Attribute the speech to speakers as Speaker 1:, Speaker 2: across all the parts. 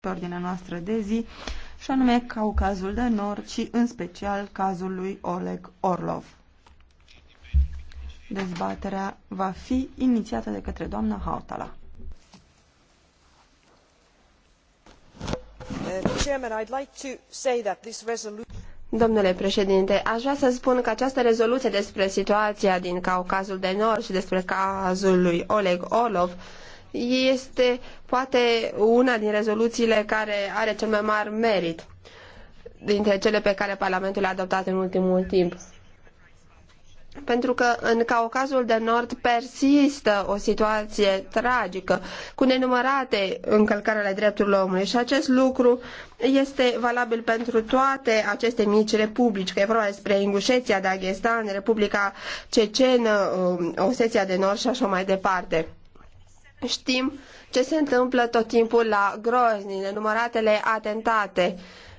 Speaker 1: pe ordinea noastră de zi, și anume Caucazul de Nord și în special cazul lui Oleg Orlov. Dezbaterea va fi
Speaker 2: inițiată de către doamna Hautala.
Speaker 1: Uh,
Speaker 2: Domnule președinte, aș vrea să spun că această rezoluție despre situația din Caucazul de Nord și despre cazul lui Oleg Orlov este poate una din rezoluțiile care are cel mai mare merit dintre cele pe care Parlamentul le-a adoptat în ultimul timp. Pentru că în Caucazul de Nord persistă o situație tragică, cu nenumărate încălcări ale drepturilor omului și acest lucru este valabil pentru toate aceste mici republici, că e vorba despre Ingușeția, Dagestan, Republica Cecenă, um, Osetia de Nord și așa mai departe. Știm ce se întâmplă tot timpul la Grozni, nenumăratele atentate.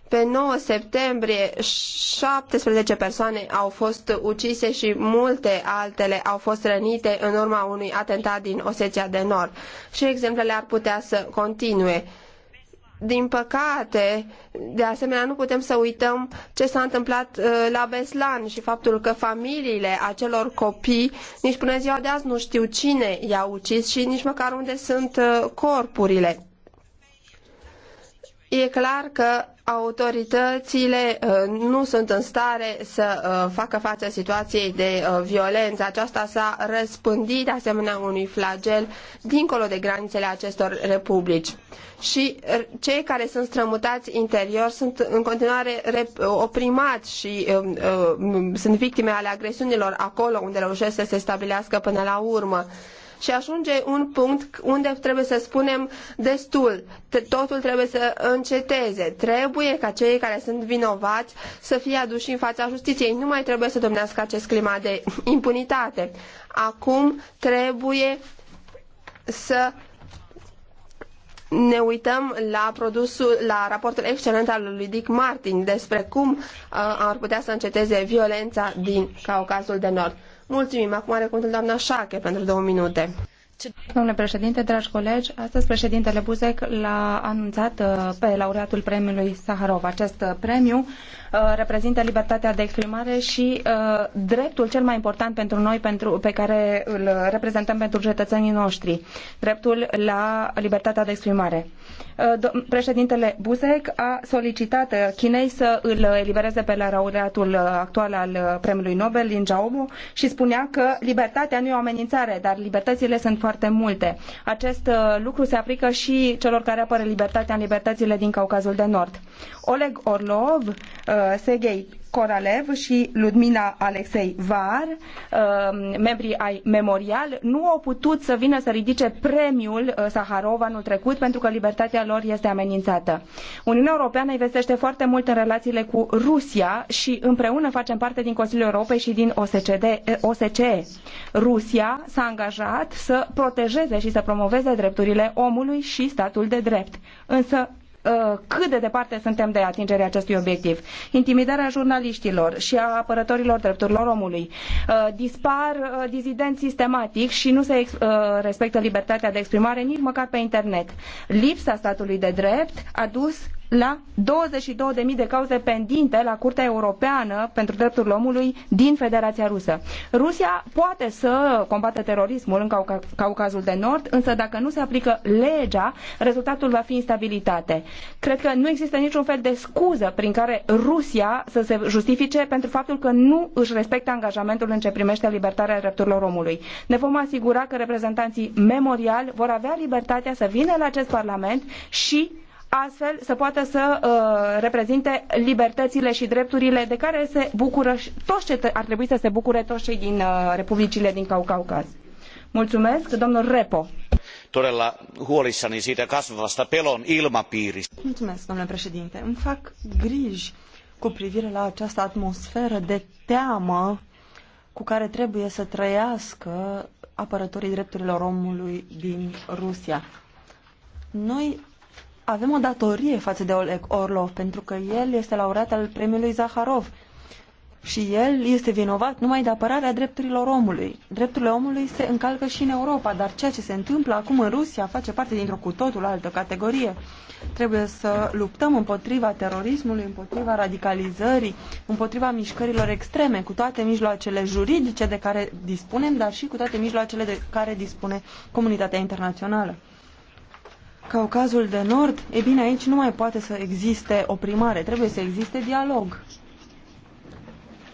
Speaker 2: Pe 9 septembrie, 17 persoane au fost ucise și multe altele au fost rănite în urma unui atentat din Osetia de Nord. Și exemplele ar putea să continue. Din păcate, de asemenea, nu putem să uităm ce s-a întâmplat uh, la Beslan și faptul că familiile acelor copii nici până ziua de azi nu știu cine i-a ucis și nici măcar unde sunt uh, corpurile. E clar că autoritățile uh, nu sunt în stare să uh, facă față situației de uh, violență. Aceasta s-a răspândit de asemenea unui flagel dincolo de granițele acestor republici. Și cei care sunt strămutați interior sunt în continuare oprimați și sunt victime ale agresiunilor acolo unde reușesc să se stabilească până la urmă și ajunge un punct unde trebuie să spunem destul, totul trebuie să înceteze, trebuie ca cei care sunt vinovați să fie aduși în fața justiției, nu mai trebuie să domnească acest climat de impunitate. Acum trebuie să ne uităm la produsul, la raportul excelent al lui Dick Martin despre cum uh, ar putea să înceteze violența din Caucazul de Nord. Mulțumim. Acum are cuvântul doamna Șache pentru două minute. Domnule președinte, dragi colegi, astăzi președintele Buzek l-a anunțat uh,
Speaker 3: pe laureatul premiului Saharov. Acest uh, premiu uh, reprezintă libertatea de exprimare și dreptul cel mai important pentru noi pentru, pe care îl reprezentăm pentru cetățenii noștri, dreptul la libertatea de exprimare. Președintele Buzek a solicitat Chinei să îl elibereze pe laureatul actual al premiului Nobel, Lin Xiaobo, și spunea că libertatea nu e o amenințare, dar libertățile sunt foarte multe. Acest uh, lucru se aplică și celor care apără libertatea în libertățile din Caucazul de Nord. Oleg Orlov, uh, Sergei Coralev și Ludmina Alexei Var, um, membrii ai Memorial, nu au putut să vină să ridice premiul uh, Saharov anul trecut pentru că libertatea lor este amenințată. Uniunea Europeană investește foarte mult în relațiile cu Rusia și împreună facem parte din Consiliul Europei și din OSCE. Eh, Rusia s-a angajat să protejeze și să promoveze drepturile omului și statul de drept. Însă Uh, cât de departe suntem de atingerea acestui obiectiv. Intimidarea jurnaliștilor și a apărătorilor drepturilor omului. Uh, dispar uh, dizidenți sistematic și nu se respectă libertatea de exprimare nici măcar pe internet. Lipsa statului de drept a dus la 22.000 de cauze pendinte la Curtea Europeană pentru Drepturile Omului din Federația Rusă. Rusia poate să combată terorismul în Caucazul de Nord, însă dacă nu se aplică legea, rezultatul va fi instabilitate. Cred că nu există niciun fel de scuză prin care Rusia să se justifice pentru faptul că nu își respectă angajamentul în ce primește libertarea drepturilor omului. Ne vom asigura că reprezentanții memorial vor avea libertatea să vină la acest Parlament și astfel să poată să uh, reprezinte libertățile și drepturile de care se bucură toți ce ar trebui să se bucure toți cei din uh, republicile din Caucaucaz. Mulțumesc,
Speaker 1: domnul Repo.
Speaker 4: Todella huolissani siitä kasvavasta pelon ilmapiiristä.
Speaker 1: Mulțumesc, domnule președinte. Îmi fac griji cu privire la această atmosferă de teamă cu care trebuie să trăiască apărătorii drepturilor omului din Rusia. Noi avem o datorie față de Oleg Orlov, pentru că el este laureat al premiului Zaharov și el este vinovat numai de apărarea drepturilor omului. Drepturile omului se încalcă și în Europa, dar ceea ce se întâmplă acum în Rusia face parte dintr-o cu totul altă categorie. Trebuie să luptăm împotriva terorismului, împotriva radicalizării, împotriva mișcărilor extreme, cu toate mijloacele juridice de care dispunem, dar și cu toate mijloacele de care dispune comunitatea internațională. Caucazul de Nord, e bine, aici nu mai poate să existe o primare, trebuie să existe dialog.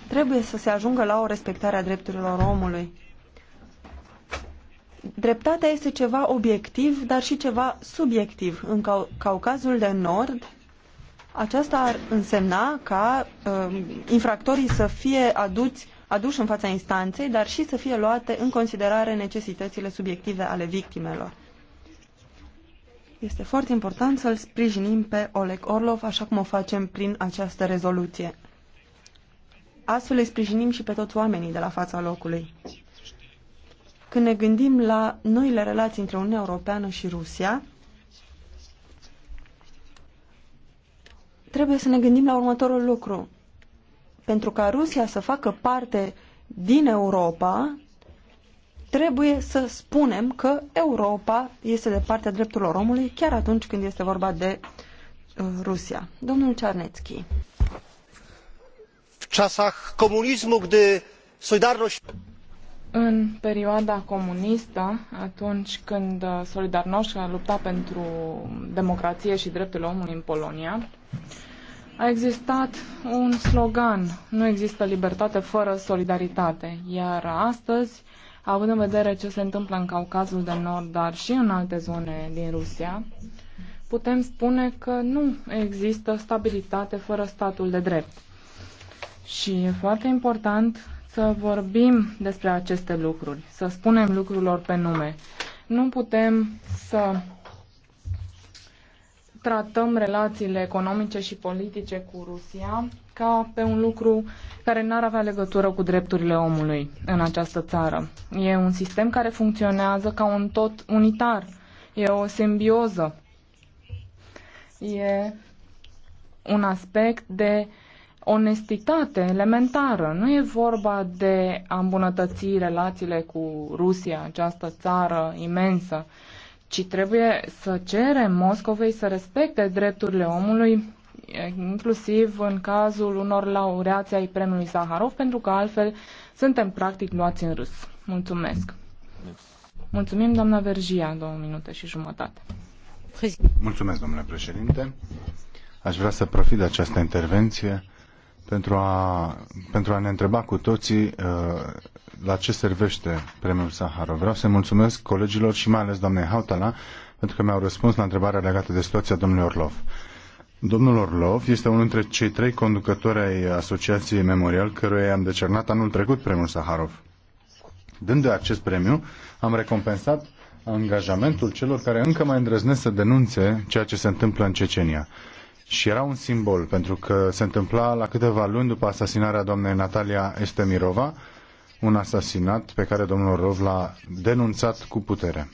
Speaker 1: Trebuie să se ajungă la o respectare a drepturilor omului. Dreptatea este ceva obiectiv, dar și ceva subiectiv. În Caucazul de Nord, aceasta ar însemna ca uh, infractorii să fie aduți, aduși în fața instanței, dar și să fie luate în considerare necesitățile subiective ale victimelor. Este foarte important să-l sprijinim pe Oleg Orlov, așa cum o facem prin această rezoluție. Astfel îi sprijinim și pe toți oamenii de la fața locului. Când ne gândim la noile relații între Uniunea Europeană și Rusia, trebuie să ne gândim la următorul lucru. Pentru ca Rusia să facă parte din Europa, trebuie să spunem că Europa este de partea drepturilor omului chiar atunci când este vorba de uh, Rusia. Domnul Czarnecki.
Speaker 5: în perioada comunistă, atunci când uh, Solidarność a luptat pentru democrație și drepturile omului în Polonia, a existat un slogan, nu există libertate fără solidaritate, iar astăzi având în vedere ce se întâmplă în Caucazul de Nord, dar și în alte zone din Rusia, putem spune că nu există stabilitate fără statul de drept. Și e foarte important să vorbim despre aceste lucruri, să spunem lucrurilor pe nume. Nu putem să tratăm relațiile economice și politice cu Rusia ca pe un lucru care n-ar avea legătură cu drepturile omului în această țară. E un sistem care funcționează ca un tot unitar. E o simbioză. E un aspect de onestitate elementară. Nu e vorba de a îmbunătăți relațiile cu Rusia, această țară imensă, ci trebuie să cerem Moscovei să respecte drepturile omului inclusiv în cazul unor laureați ai premiului Zaharov, pentru că altfel suntem practic luați în râs. Mulțumesc! Mulțumim, doamna Vergia, două minute și jumătate.
Speaker 6: Mulțumesc, domnule președinte. Aș vrea să profit de această intervenție pentru a, pentru a ne întreba cu toții uh, la ce servește premiul Saharov. Vreau să mulțumesc colegilor și mai ales doamnei Hautala pentru că mi-au răspuns la întrebarea legată de situația domnului Orlov. Domnul Orlov este unul dintre cei trei conducători ai Asociației Memorial, căruia i-am decernat anul trecut premiul Saharov. Dându-i acest premiu, am recompensat angajamentul celor care încă mai îndrăznesc să denunțe ceea ce se întâmplă în Cecenia. Și era un simbol, pentru că se întâmpla la câteva luni după asasinarea doamnei Natalia Estemirova, un asasinat pe care domnul Orlov l-a denunțat cu putere.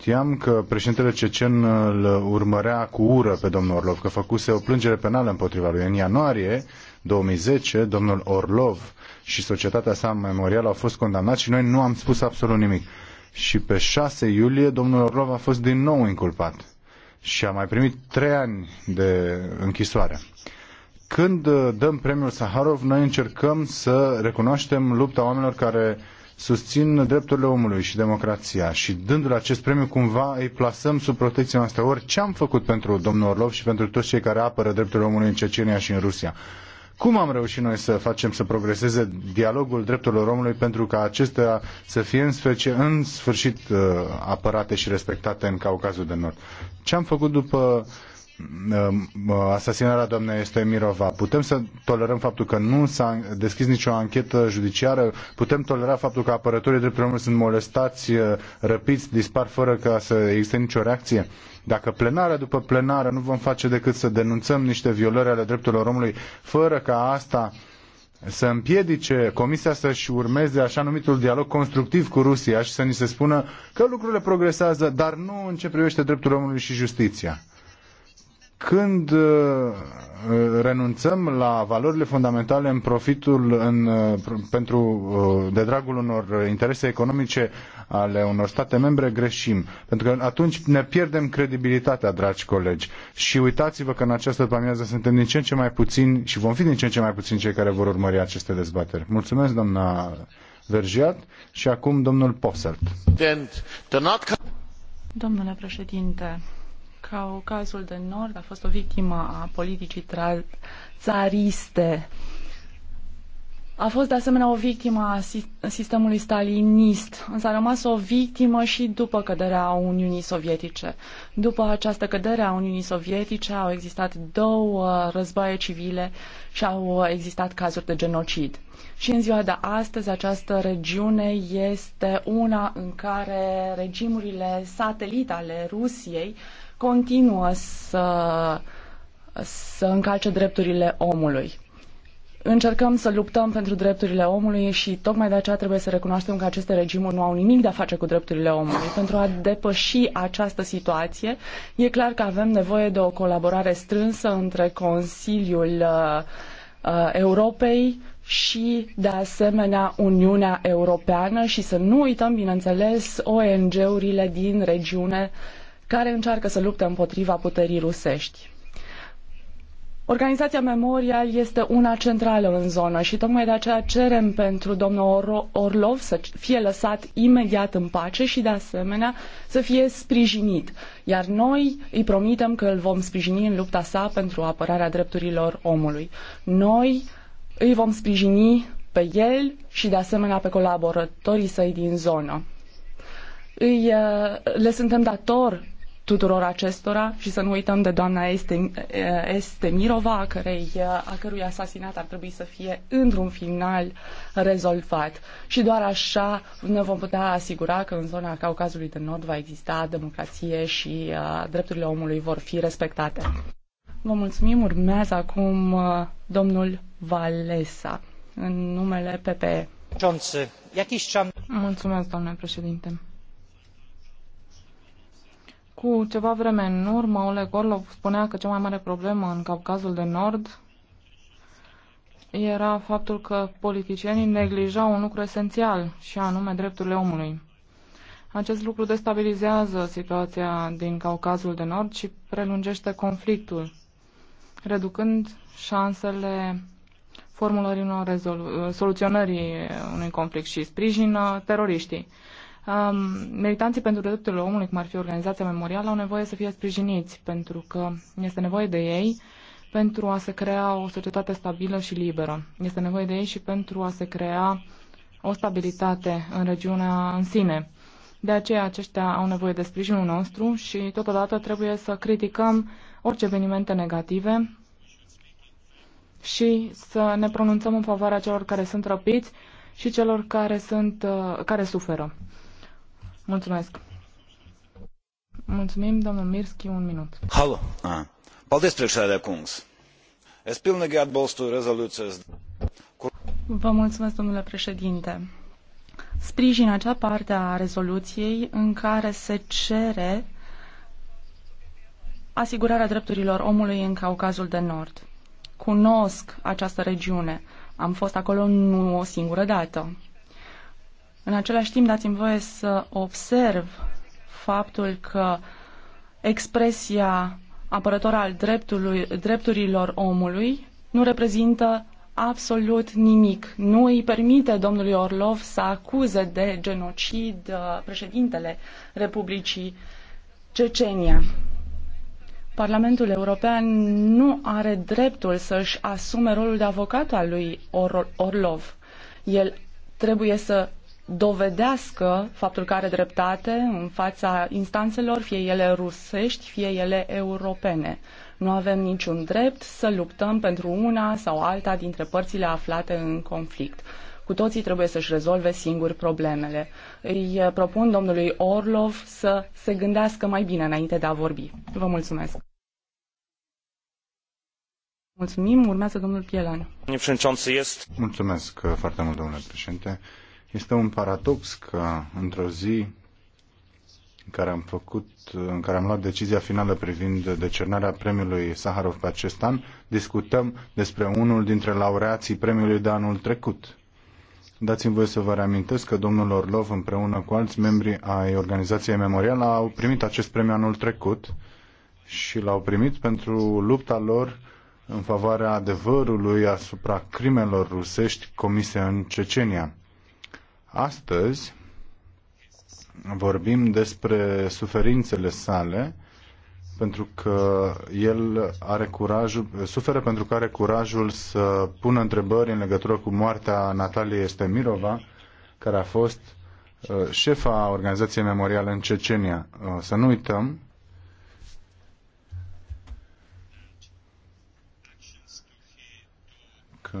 Speaker 6: Știam că președintele Cecen îl urmărea cu ură pe domnul Orlov, că făcuse o plângere penală împotriva lui. În ianuarie 2010, domnul Orlov și societatea sa memorială au fost condamnați și noi nu am spus absolut nimic. Și pe 6 iulie, domnul Orlov a fost din nou inculpat și a mai primit trei ani de închisoare. Când uh, dăm premiul Saharov, noi încercăm să recunoaștem lupta oamenilor care susțin drepturile omului și democrația și dându l acest premiu cumva îi plasăm sub protecția noastră. Ori ce am făcut pentru domnul Orlov și pentru toți cei care apără drepturile omului în Cecenia și în Rusia? Cum am reușit noi să facem să progreseze dialogul drepturilor omului pentru ca acestea să fie în sfârșit, în sfârșit uh, apărate și respectate în Caucazul de Nord? Ce am făcut după Ehm, asasinarea doamnei Stoimirova, Putem să tolerăm faptul că nu s-a deschis nicio anchetă judiciară? Putem tolera faptul că apărătorii drepturilor omului sunt molestați, eh, răpiți, dispar fără ca să existe nicio reacție? Dacă plenarea după plenară nu vom face decât să denunțăm niște violări ale drepturilor omului, fără ca asta să împiedice Comisia să-și urmeze așa numitul dialog constructiv cu Rusia și să ni se spună că lucrurile progresează, dar nu în ce privește drepturile omului și justiția când uh, uh, renunțăm la valorile fundamentale în profitul în, uh, pentru, de dragul unor interese economice ale unor state membre, greșim. Pentru că atunci ne pierdem credibilitatea, dragi colegi. Și uitați-vă că în această pamiază suntem din ce în ce mai puțini și vom fi din ce în ce mai puțini cei care vor urmări aceste dezbateri. Mulțumesc, doamna Vergiat. Și acum, domnul Posselt.
Speaker 4: Domnule președinte, Caucazul de Nord a fost o victimă a politicii țariste. A fost de asemenea o victimă a sistemului stalinist, însă a rămas o victimă și după căderea Uniunii Sovietice. După această cădere a Uniunii Sovietice au existat două războaie civile și au existat cazuri de genocid. Și în ziua de astăzi această regiune este una în care regimurile satelite ale Rusiei continuă să, să încalce drepturile omului. Încercăm să luptăm pentru drepturile omului și tocmai de aceea trebuie să recunoaștem că aceste regimuri nu au nimic de a face cu drepturile omului. Pentru a depăși această situație, e clar că avem nevoie de o colaborare strânsă între Consiliul uh, uh Europei, și, de asemenea, Uniunea Europeană și să nu uităm, bineînțeles, ONG-urile din regiune care încearcă să lupte împotriva puterii rusești. Organizația Memorial este una centrală în zonă și tocmai de aceea cerem pentru domnul Orlov să fie lăsat imediat în pace și de asemenea să fie sprijinit. Iar noi îi promitem că îl vom sprijini în lupta sa pentru apărarea drepturilor omului. Noi îi vom sprijini pe el și de asemenea pe colaboratorii săi din zonă. Îi, uh, le suntem dator tuturor acestora și să nu uităm de doamna Estemirova, a, cărei, a cărui asasinat ar trebui să fie într-un final rezolvat. Și doar așa ne vom putea asigura că în zona Caucazului de Nord va exista democrație și a, uh, drepturile omului vor fi respectate. Vă mulțumim. Urmează acum a, uh, domnul Valesa în numele PPE. Mulțumesc, domnule președinte
Speaker 5: cu ceva vreme în urmă, Oleg Orlov spunea că cea mai mare problemă în Caucazul de Nord era faptul că politicienii neglijau un lucru esențial, și anume drepturile omului. Acest lucru destabilizează situația din Caucazul de Nord și prelungește conflictul, reducând șansele formulării unor soluționării unui conflict și sprijină teroriștii um, militanții pentru drepturile omului, cum ar fi organizația memorială, au nevoie să fie sprijiniți, pentru că este nevoie de ei pentru a se crea o societate stabilă și liberă. Este nevoie de ei și pentru a se crea o stabilitate în regiunea în sine. De aceea aceștia au nevoie de sprijinul nostru și totodată trebuie să criticăm orice evenimente negative și să ne pronunțăm în favoarea celor care sunt răpiți și celor care, sunt, uh, care suferă. Mulțumesc. Mulțumim, domnul Mirski, un minut. Halo.
Speaker 6: Paldies, președinte Kungs. Es pilnīgi atbalstu rezolūcijas.
Speaker 4: Vă mulțumesc, domnule președinte. Sprijin acea parte a rezoluției în care se cere asigurarea drepturilor omului în Caucazul de Nord. Cunosc această regiune. Am fost acolo nu o singură dată. În același timp, dați-mi voie să observ faptul că expresia apărător al dreptului, drepturilor omului nu reprezintă absolut nimic. Nu îi permite domnului Orlov să acuze de genocid uh, președintele Republicii Cecenia. Parlamentul European nu are dreptul să-și asume rolul de avocat al lui Or- Orlov. El trebuie să dovedească faptul că are dreptate în fața instanțelor, fie ele rusești, fie ele europene. Nu avem niciun drept să luptăm pentru una sau alta dintre părțile aflate în conflict. Cu toții trebuie să-și rezolve singuri problemele. Îi propun domnului Orlov să se gândească mai bine înainte de a vorbi. Vă mulțumesc. Mulțumim. Urmează domnul Pielan.
Speaker 6: Mulțumesc foarte mult, domnule președinte. Este un paradox că într-o zi în care am făcut, în care am luat decizia finală privind decernarea premiului Saharov pe acest an, discutăm despre unul dintre laureații premiului de anul trecut. Dați-mi voie să vă reamintesc că domnul Orlov împreună cu alți membri ai organizației Memorial au primit acest premiu anul trecut și l-au primit pentru lupta lor în favoarea adevărului asupra crimelor rusești comise în Cecenia. Astăzi vorbim despre suferințele sale, pentru că el are curajul, suferă pentru că are curajul să pună întrebări în legătură cu moartea Nataliei Estemirova, care a fost uh, șefa organizației memoriale în Cecenia. Uh, să nu uităm că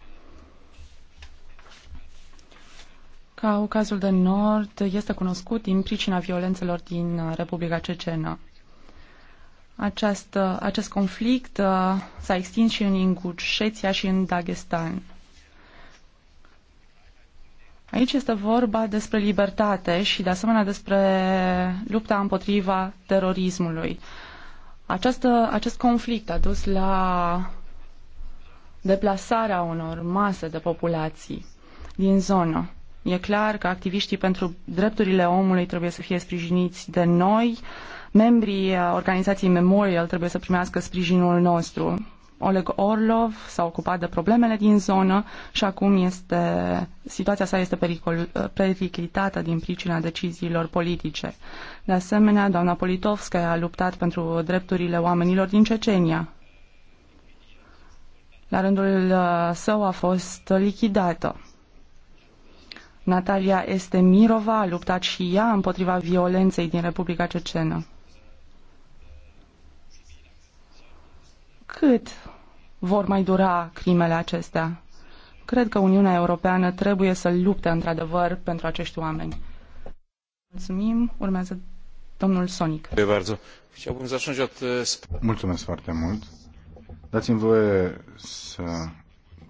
Speaker 4: Caucazul de Nord este cunoscut din pricina violențelor din uh, Republica Cecenă. Acest, acest conflict uh, s-a extins și în Ingușeția și în Dagestan. Aici este vorba despre libertate și, de asemenea, despre lupta împotriva terorismului. Această, acest conflict a dus la deplasarea unor mase de populații din zonă. E clar că activiștii pentru drepturile omului trebuie să fie sprijiniți de noi. Membrii organizației Memorial trebuie să primească sprijinul nostru. Oleg Orlov s-a ocupat de problemele din zonă și acum este, situația sa este pericol, periclitată din pricina deciziilor politice. De asemenea, doamna Politovska a luptat pentru drepturile oamenilor din Cecenia. La rândul uh, său a fost lichidată. Natalia Estemirova a luptat și ea împotriva violenței din Republica Cecenă. Cât vor mai dura crimele acestea? Cred că Uniunea Europeană trebuie să lupte într-adevăr pentru acești oameni. Mulțumim. Urmează domnul Sonic.
Speaker 6: Mulțumesc foarte mult. Dați-mi voie să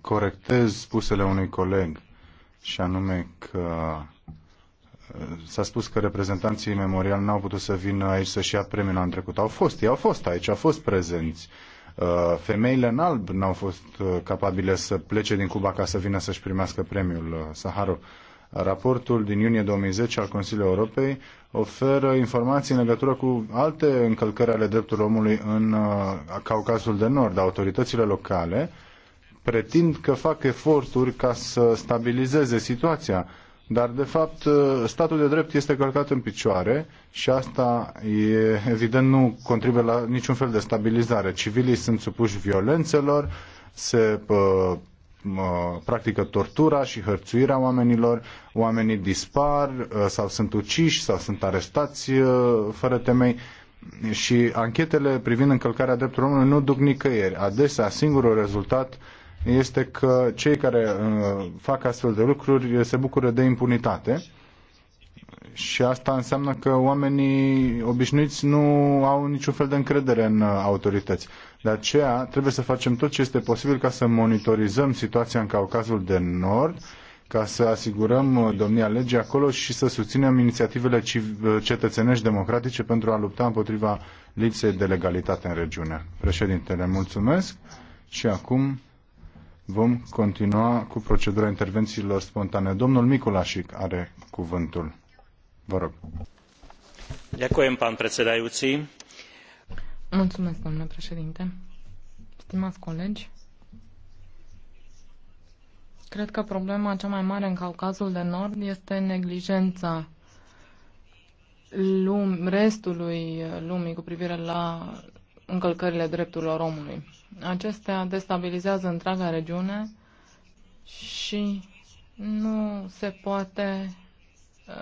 Speaker 6: corectez spusele unui coleg și anume că uh, s-a spus că reprezentanții Memorial n-au putut să vină aici să-și ia premiul anul trecut. Au fost, ei au fost aici, au fost prezenți. Uh, femeile în alb n-au fost uh, capabile să plece din Cuba ca să vină să-și primească premiul Saharov. Raportul din iunie 2010 al Consiliului Europei oferă informații în legătură cu alte încălcări ale drepturilor omului în Caucasul de Nord. Autoritățile locale pretind că fac eforturi ca să stabilizeze situația. Dar, de fapt, statul de drept este călcat în picioare și asta, e, evident, nu contribuie la niciun fel de stabilizare. Civilii sunt supuși violențelor, se pă, mă, practică tortura și hărțuirea oamenilor, oamenii dispar ă, sau sunt uciși sau sunt arestați ă, fără temei și anchetele privind încălcarea drepturilor omului nu duc nicăieri. Adesea, singurul rezultat este că cei care uh, fac astfel de lucruri uh, se bucură de impunitate și asta înseamnă că oamenii obișnuiți nu au niciun fel de încredere în uh, autorități. De aceea trebuie să facem tot ce este posibil ca să monitorizăm situația în Caucazul de Nord, ca să asigurăm domnia legii acolo și să susținem inițiativele cetățenești democratice pentru a lupta împotriva lipsei de legalitate în regiune. Președintele, mulțumesc și acum vom continua cu procedura intervențiilor spontane. Domnul Miculașic are cuvântul. Vă rog. Ďakujem, pán predsedajúci.
Speaker 5: Mulțumesc, domnule președinte. Stimați colegi, cred că problema cea mai mare în Caucazul de Nord este neglijența lum- restului lumii cu privire la încălcările drepturilor omului. Acestea destabilizează întreaga regiune și nu se poate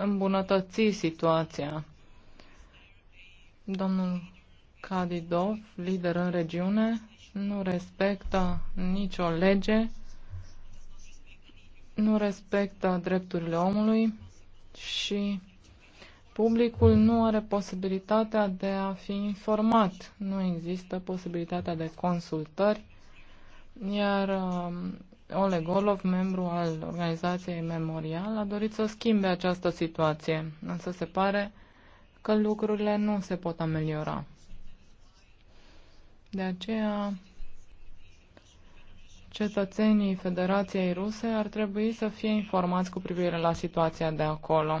Speaker 5: îmbunătăți situația. Domnul Kadidov, lider în regiune, nu respectă nicio lege, nu respectă drepturile omului și publicul nu are posibilitatea de a fi informat, nu există posibilitatea de consultări, iar um, Oleg Golov, membru al organizației Memorial, a dorit să schimbe această situație, însă se pare că lucrurile nu se pot ameliora. De aceea, cetățenii Federației Ruse ar trebui să fie informați cu privire la situația de acolo.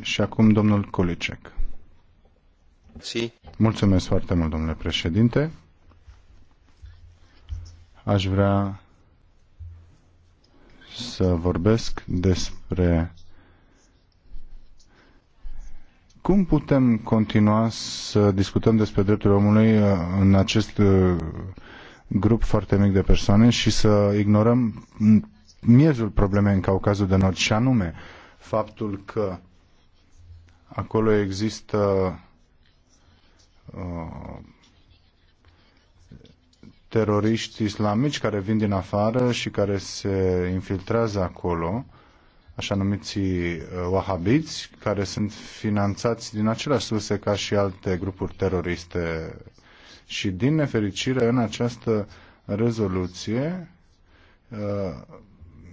Speaker 6: Și acum domnul Kulicek. Si. Mulțumesc foarte mult, domnule președinte. Aș vrea să vorbesc despre cum putem continua să discutăm despre drepturile omului uh, în acest uh, grup foarte mic de persoane și să ignorăm miezul problemei în Caucazul de Nord și anume faptul că Acolo există uh, teroriști islamici care vin din afară și care se infiltrează acolo, așa numiții uh, wahabiți, care sunt finanțați din aceleași surse ca și alte grupuri teroriste. Și din nefericire, în această rezoluție, uh,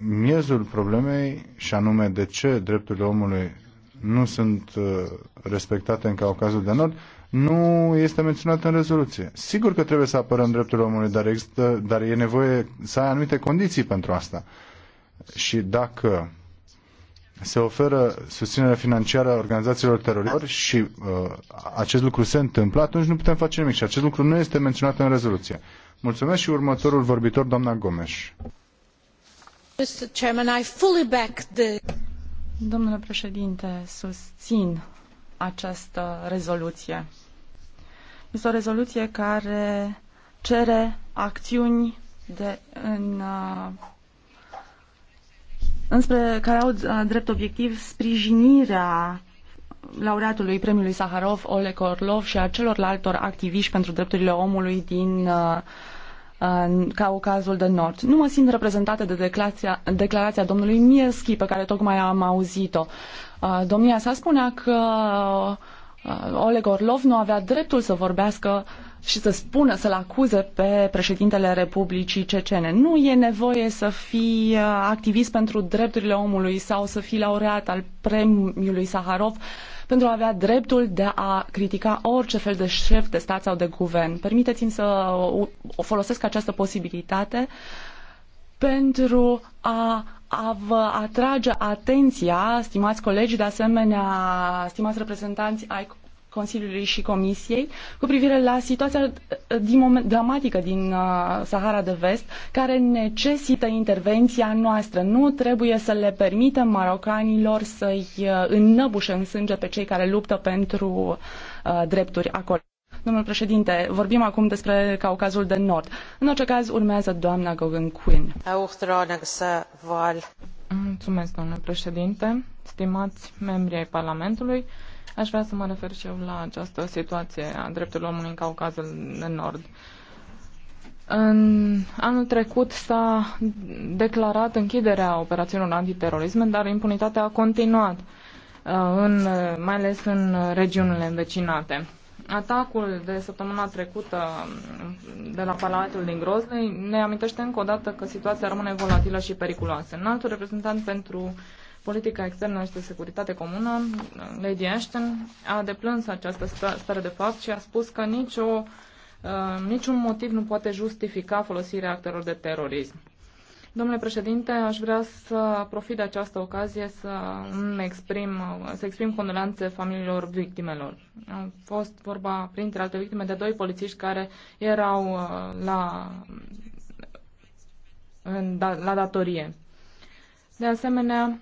Speaker 6: miezul problemei, și anume de ce drepturile omului nu sunt uh, respectate în Caucazul de Nord, nu este menționat în rezoluție. Sigur că trebuie să apărăm drepturile omului, dar, există, dar e nevoie să ai anumite condiții pentru asta. Și dacă se oferă susținere financiară a organizațiilor teroriste și uh, acest lucru se întâmplă, atunci nu putem face nimic. Și acest lucru nu este menționat în rezoluție. Mulțumesc și următorul vorbitor, doamna Gomes.
Speaker 4: Mr. Chairman, I fully back the... Domnule președinte, susțin această rezoluție. Este o rezoluție care cere acțiuni de în uh, înspre care au uh, drept obiectiv sprijinirea laureatului premiului Saharov, Oleg Orlov și a celorlaltor activiști pentru drepturile omului din uh, ca o cazul de Nord. Nu mă simt reprezentată de declarația, declarația domnului Mierski, pe care tocmai am auzit-o. Uh, domnia sa spunea că uh, Oleg Orlov nu avea dreptul să vorbească și să spună, să-l acuze pe președintele Republicii Cecene. Nu e nevoie să fii uh, activist pentru drepturile omului sau să fii laureat al premiului Saharov uh, pentru a avea dreptul de a critica orice fel de șef de stat sau de guvern. Permiteți-mi să folosesc această posibilitate pentru a a vă atrage atenția, stimați colegi, de asemenea, stimați reprezentanți ai Consiliului și Comisiei cu privire la situația uh, din moment, dramatică din uh, Sahara de Vest, care necesită intervenția noastră. Nu trebuie să le permitem marocanilor să-i uh, înnăbușe în sânge pe cei care luptă pentru uh, drepturi acolo. Domnul președinte, vorbim acum despre Caucazul de Nord. În orice caz, urmează doamna Gogan Quinn. Mulțumesc, domnule președinte, stimați membri ai Parlamentului. Aș
Speaker 5: vrea să mă refer și eu la această situație a drepturilor omului în Caucazul de Nord. În anul trecut s-a declarat închiderea operațiunilor antiterorisme, dar impunitatea a continuat, uh, în, mai ales în regiunile învecinate. Atacul de săptămâna trecută um, de la Palatul din Grozny ne amintește încă o dată că situația rămâne volatilă și periculoasă. alt reprezentant pentru politica externă și de securitate comună, Lady Ashton, a deplâns această stare de fapt și a spus că nicio, uh, niciun motiv nu poate justifica folosirea actelor de terorism. Domnule președinte, aș vrea să profit de această ocazie să exprim, să exprim condolențe familiilor victimelor. A fost vorba, printre alte victime, de doi polițiști care erau uh, la, da, la datorie. De asemenea,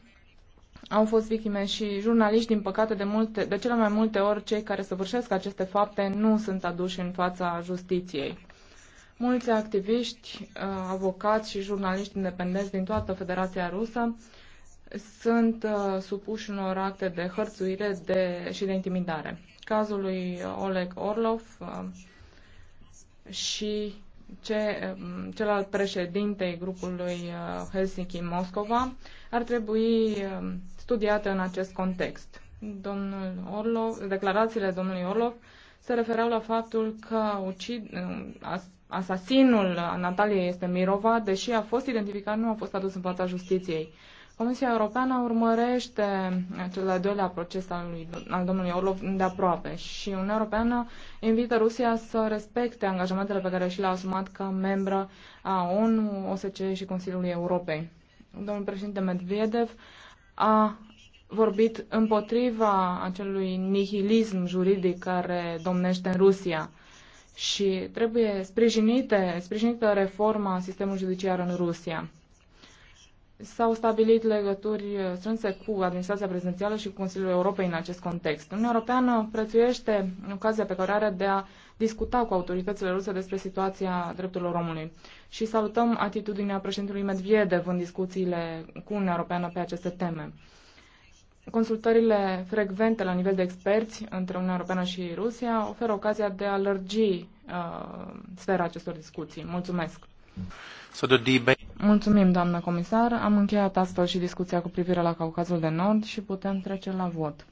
Speaker 5: au fost victime și jurnaliști, din păcate, de, multe, de cele mai multe ori cei care săvârșesc aceste fapte nu sunt aduși în fața justiției. Mulți activiști, uh, avocați și jurnaliști independenți din toată Federația Rusă sunt uh, supuși unor acte de hărțuire de, și de intimidare. Cazul lui Oleg Orlov uh, și ce, um, cel al președintei grupului uh, Helsinki-Moscova ar trebui um, studiată în acest context. Domnul Orlov, declarațiile domnului Orlov se refereau la faptul că ucid, um, as, asasinul Nataliei este Mirova, deși a fost identificat, nu a fost adus în fața justiției. Comisia Europeană urmărește cel de-al doilea proces al, lui, al domnului Orlov de aproape și Uniunea Europeană invită Rusia să respecte angajamentele pe care și le-a asumat ca membră a ONU, OSCE și Consiliului Europei. Domnul președinte Medvedev a vorbit împotriva acelui nihilism juridic care domnește în Rusia și trebuie sprijinite, sprijinită reforma sistemului judiciar în Rusia s-au stabilit legături uh, strânse cu administrația prezidențială și cu Consiliul Europei în acest context. Uniunea Europeană prețuiește ocazia pe care are de a discuta cu autoritățile ruse despre situația drepturilor omului și salutăm atitudinea președintelui Medvedev în discuțiile cu Uniunea Europeană pe aceste teme. Consultările frecvente la nivel de experți între Uniunea Europeană și Rusia oferă ocazia de a lărgi uh, sfera acestor discuții. Mulțumesc!
Speaker 6: So the debate
Speaker 5: Mulțumim, doamnă comisar. Am încheiat astfel și discuția cu privire la Caucazul de Nord și putem trece la vot.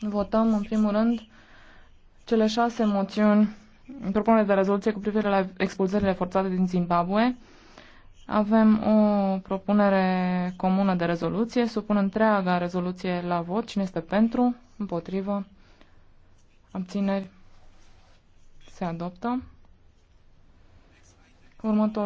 Speaker 5: Votăm, în primul rând, cele șase moțiuni, propunere de rezoluție cu privire la expulzările forțate din Zimbabwe. Avem o propunere comună de rezoluție. Supun întreaga rezoluție la vot. Cine este pentru? Împotrivă? Abțineri? Se adoptă. Următorul.